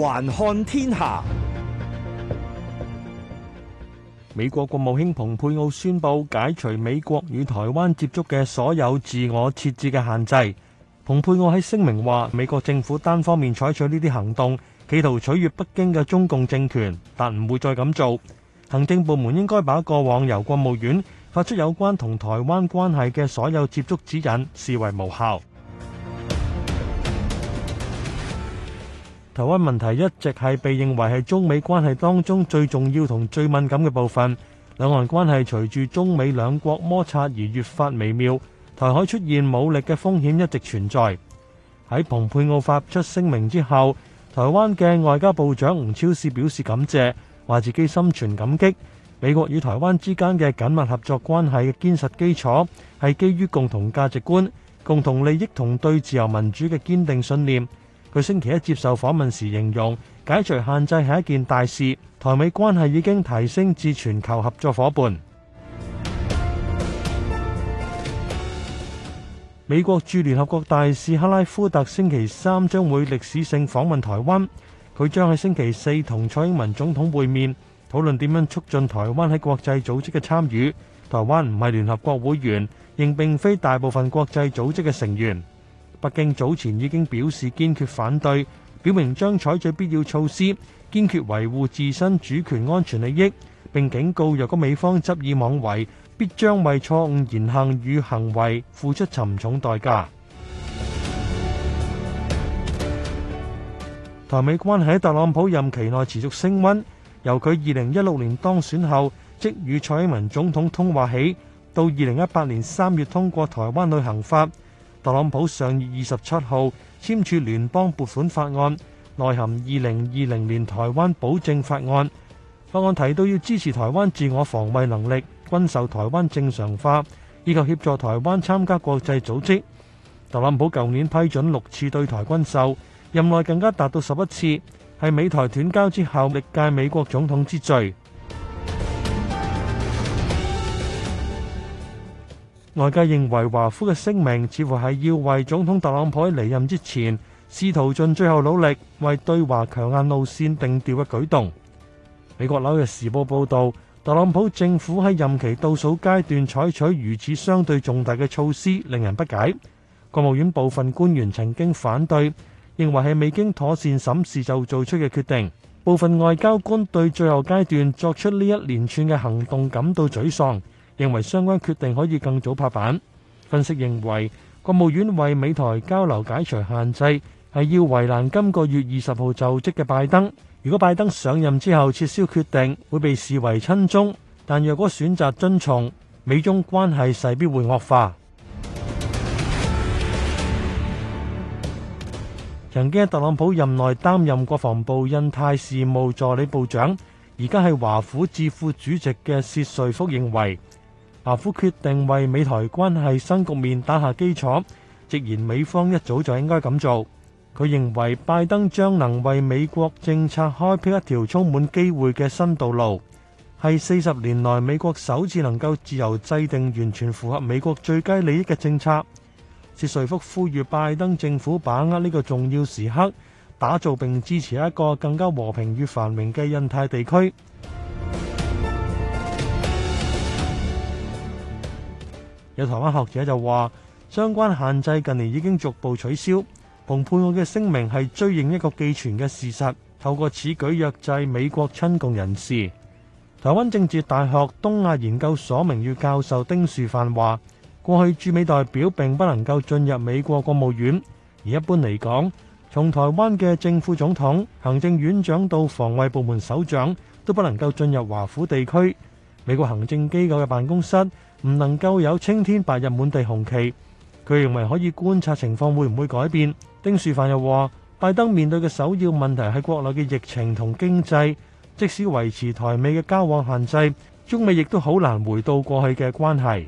環看天下，美國國務卿蓬佩奧宣布解除美國與台灣接觸嘅所有自我設置嘅限制。蓬佩奧喺聲明話，美國政府單方面採取呢啲行動，企圖取悦北京嘅中共政權，但唔會再咁做。行政部門應該把過往由國務院發出有關同台灣關係嘅所有接觸指引視為無效。台灣問題一直係被認為係中美關係當中最重要同最敏感嘅部分。兩岸關係隨住中美兩國摩擦而越發微妙，台海出現武力嘅風險一直存在。喺蓬佩奧發出聲明之後，台灣嘅外交部長吳釗燮表示感謝，話自己心存感激。美國與台灣之間嘅緊密合作關係嘅堅實基礎係基於共同價值觀、共同利益同對自由民主嘅堅定信念。佢星期一接受訪問時形容，解除限制係一件大事，台美關係已經提升至全球合作伙伴。 美國駐聯合國大使克拉夫特星期三將會歷史性訪問台灣，佢將喺星期四同蔡英文總統會面，討論點樣促進台灣喺國際組織嘅參與。台灣唔係聯合國會員，仍並非大部分國際組織嘅成員。北京早前已經表示堅決反對，表明將採取必要措施，堅決維護自身主權安全利益。並警告若果美方執意妄為，必將為錯誤言行與行為付出沉重代價。台美關係喺特朗普任期內持續升溫，由佢二零一六年當選後即與蔡英文總統通話起，到二零一八年三月通過台灣旅行法。特朗普上月二十七號簽署聯邦撥款法案，內含二零二零年台灣保證法案。法案提到要支持台灣自我防衛能力、軍售台灣正常化，以及協助台灣參加國際組織。特朗普舊年批准六次對台軍售，任內更加達到十一次，係美台斷交之後歷屆美國總統之最。外界認為華夫嘅聲明似乎係要為總統特朗普喺離任之前，試圖盡最後努力為對華強硬路線定調嘅舉動。美國《紐約時報》報道，特朗普政府喺任期倒數階段採取如此相對重大嘅措施，令人不解。國務院部分官員曾經反對，認為係未經妥善審視就做出嘅決定。部分外交官對最後階段作出呢一連串嘅行動感到沮喪。認為相關決定可以更早拍板。分析認為，國務院為美台交流解除限制，係要為難今個月二十號就職嘅拜登。如果拜登上任之後撤銷決定，會被視為親中；但若果選擇遵從，美中關係勢必會惡化。曾經喺特朗普任內擔任國防部印太事務助理部長，而家係華府智庫主席嘅薛瑞福認為。牙夫決定為美台關係新局面打下基礎，直言美方一早就應該咁做。佢認為拜登將能為美國政策開闢一條充滿機會嘅新道路，係四十年來美國首次能夠自由制定完全符合美國最佳利益嘅政策。薛瑞福呼籲拜登政府把握呢個重要時刻，打造並支持一個更加和平與繁榮嘅印太地區。有台灣學者就話，相關限制近年已經逐步取消。蓬佩奧嘅聲明係追認一個既存嘅事實，透過此舉約制美國親共人士。台灣政治大學東亞研究所名譽教授丁樹範話：過去駐美代表並不能夠進入美國國務院，而一般嚟講，從台灣嘅政府總統、行政院長到防衛部門首長都不能夠進入華府地區美國行政機構嘅辦公室。唔能夠有青天白日滿地紅旗，佢認為可以觀察情況會唔會改變。丁樹範又話：拜登面對嘅首要問題係國內嘅疫情同經濟，即使維持台美嘅交往限制，中美亦都好難回到過去嘅關係。